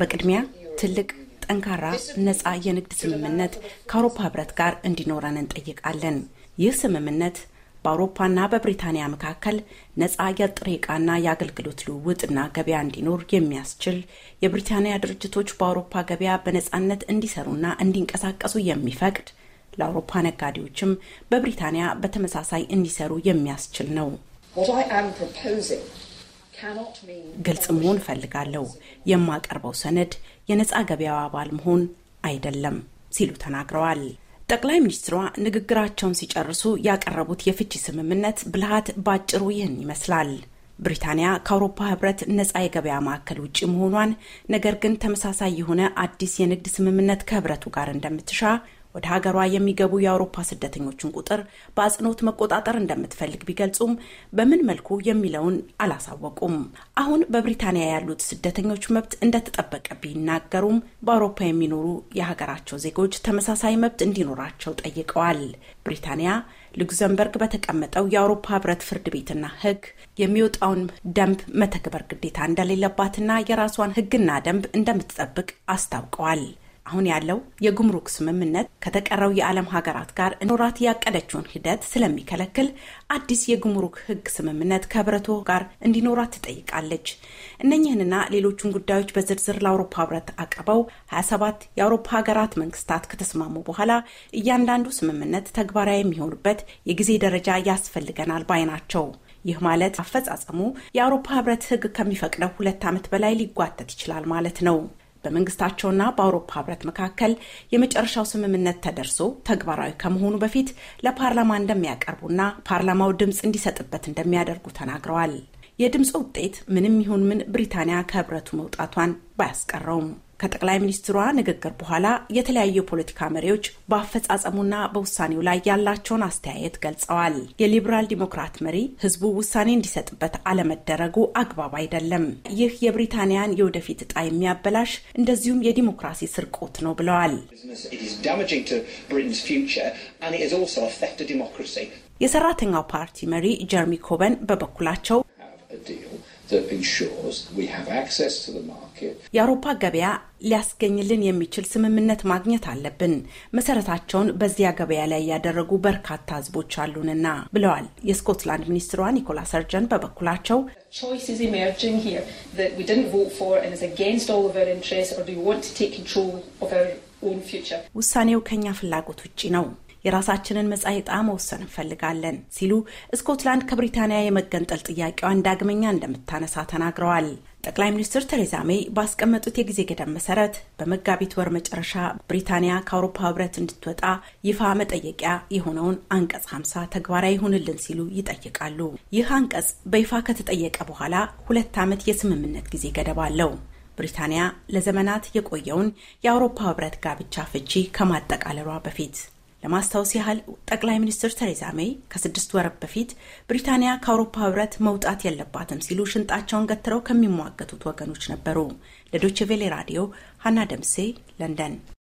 በቅድሚያ ትልቅ ጠንካራ ነፃ የንግድ ስምምነት ከአውሮፓ ህብረት ጋር እንዲኖረን እንጠይቃለን። ይህ ስምምነት በአውሮፓና በብሪታንያ መካከል ነፃ የጥሬ ዕቃና የአገልግሎት ልውውጥና ገበያ እንዲኖር የሚያስችል የብሪታንያ ድርጅቶች በአውሮፓ ገበያ በነፃነት እንዲሰሩና እንዲንቀሳቀሱ የሚፈቅድ ለአውሮፓ ነጋዴዎችም በብሪታንያ በተመሳሳይ እንዲሰሩ የሚያስችል ነው። ግልጽ መሆን እፈልጋለሁ። የማቀርበው ሰነድ የነፃ ገበያው አባል መሆን አይደለም ሲሉ ተናግረዋል። ጠቅላይ ሚኒስትሯ ንግግራቸውን ሲጨርሱ ያቀረቡት የፍቺ ስምምነት ብልሃት ባጭሩ ይህን ይመስላል። ብሪታንያ ከአውሮፓ ህብረት ነጻ የገበያ ማዕከል ውጭ መሆኗን ነገር ግን ተመሳሳይ የሆነ አዲስ የንግድ ስምምነት ከህብረቱ ጋር እንደምትሻ ወደ ሀገሯ የሚገቡ የአውሮፓ ስደተኞችን ቁጥር በአጽንኦት መቆጣጠር እንደምትፈልግ ቢገልጹም በምን መልኩ የሚለውን አላሳወቁም። አሁን በብሪታንያ ያሉት ስደተኞች መብት እንደተጠበቀ ቢናገሩም በአውሮፓ የሚኖሩ የሀገራቸው ዜጎች ተመሳሳይ መብት እንዲኖራቸው ጠይቀዋል። ብሪታንያ ሉክዘምበርግ በተቀመጠው የአውሮፓ ህብረት ፍርድ ቤትና ህግ የሚወጣውን ደንብ መተግበር ግዴታ እንደሌለባትና የራሷን ህግና ደንብ እንደምትጠብቅ አስታውቀዋል። አሁን ያለው የጉምሩክ ስምምነት ከተቀረው የዓለም ሀገራት ጋር ኖራት ያቀደችውን ሂደት ስለሚከለክል አዲስ የጉምሩክ ሕግ ስምምነት ከህብረቱ ጋር እንዲኖራት ትጠይቃለች። እነኝህንና ሌሎቹን ጉዳዮች በዝርዝር ለአውሮፓ ህብረት አቅርበው 27 የአውሮፓ ሀገራት መንግስታት ከተስማሙ በኋላ እያንዳንዱ ስምምነት ተግባራዊ የሚሆኑበት የጊዜ ደረጃ ያስፈልገናል ባይ ናቸው። ይህ ማለት አፈጻጸሙ የአውሮፓ ህብረት ህግ ከሚፈቅደው ሁለት ዓመት በላይ ሊጓተት ይችላል ማለት ነው። በመንግስታቸውና በአውሮፓ ህብረት መካከል የመጨረሻው ስምምነት ተደርሶ ተግባራዊ ከመሆኑ በፊት ለፓርላማ እንደሚያቀርቡና ፓርላማው ድምፅ እንዲሰጥበት እንደሚያደርጉ ተናግረዋል። የድምፅ ውጤት ምንም ይሁን ምን ብሪታንያ ከህብረቱ መውጣቷን ባያስቀረውም ከጠቅላይ ሚኒስትሯ ንግግር በኋላ የተለያዩ የፖለቲካ መሪዎች በአፈጻጸሙና በውሳኔው ላይ ያላቸውን አስተያየት ገልጸዋል። የሊበራል ዲሞክራት መሪ ህዝቡ ውሳኔ እንዲሰጥበት አለመደረጉ አግባብ አይደለም፣ ይህ የብሪታንያን የወደፊት እጣ የሚያበላሽ እንደዚሁም የዲሞክራሲ ስርቆት ነው ብለዋል። የሰራተኛው ፓርቲ መሪ ጀርሚ ኮበን በበኩላቸው የአውሮፓ ገበያ ሊያስገኝልን የሚችል ስምምነት ማግኘት አለብን። መሰረታቸውን በዚያ ገበያ ላይ ያደረጉ በርካታ ህዝቦች አሉንና ብለዋል። የስኮትላንድ ሚኒስትሯ ኒኮላ ሰርጀን በበኩላቸው ውሳኔው ከኛ ፍላጎት ውጭ ነው የራሳችንን መጻኢ ዕጣ መወሰን እንፈልጋለን ሲሉ ስኮትላንድ ከብሪታንያ የመገንጠል ጥያቄዋን ዳግመኛ እንደምታነሳ ተናግረዋል። ጠቅላይ ሚኒስትር ቴሬዛ ሜይ ባስቀመጡት የጊዜ ገደብ መሰረት በመጋቢት ወር መጨረሻ ብሪታንያ ከአውሮፓ ህብረት እንድትወጣ ይፋ መጠየቂያ የሆነውን አንቀጽ 50 ተግባራዊ ይሁንልን ሲሉ ይጠይቃሉ። ይህ አንቀጽ በይፋ ከተጠየቀ በኋላ ሁለት ዓመት የስምምነት ጊዜ ገደብ አለው። ብሪታንያ ለዘመናት የቆየውን የአውሮፓ ህብረት ጋብቻ ፍቺ ከማጠቃለሏ በፊት ለማስታወስ ያህል ጠቅላይ ሚኒስትር ተሬዛ ሜይ ከስድስት ወር በፊት ብሪታንያ ከአውሮፓ ህብረት መውጣት የለባትም ሲሉ ሽንጣቸውን ገትረው ከሚሟገቱት ወገኖች ነበሩ። ለዶችቬሌ ራዲዮ ሀና ደምሴ ለንደን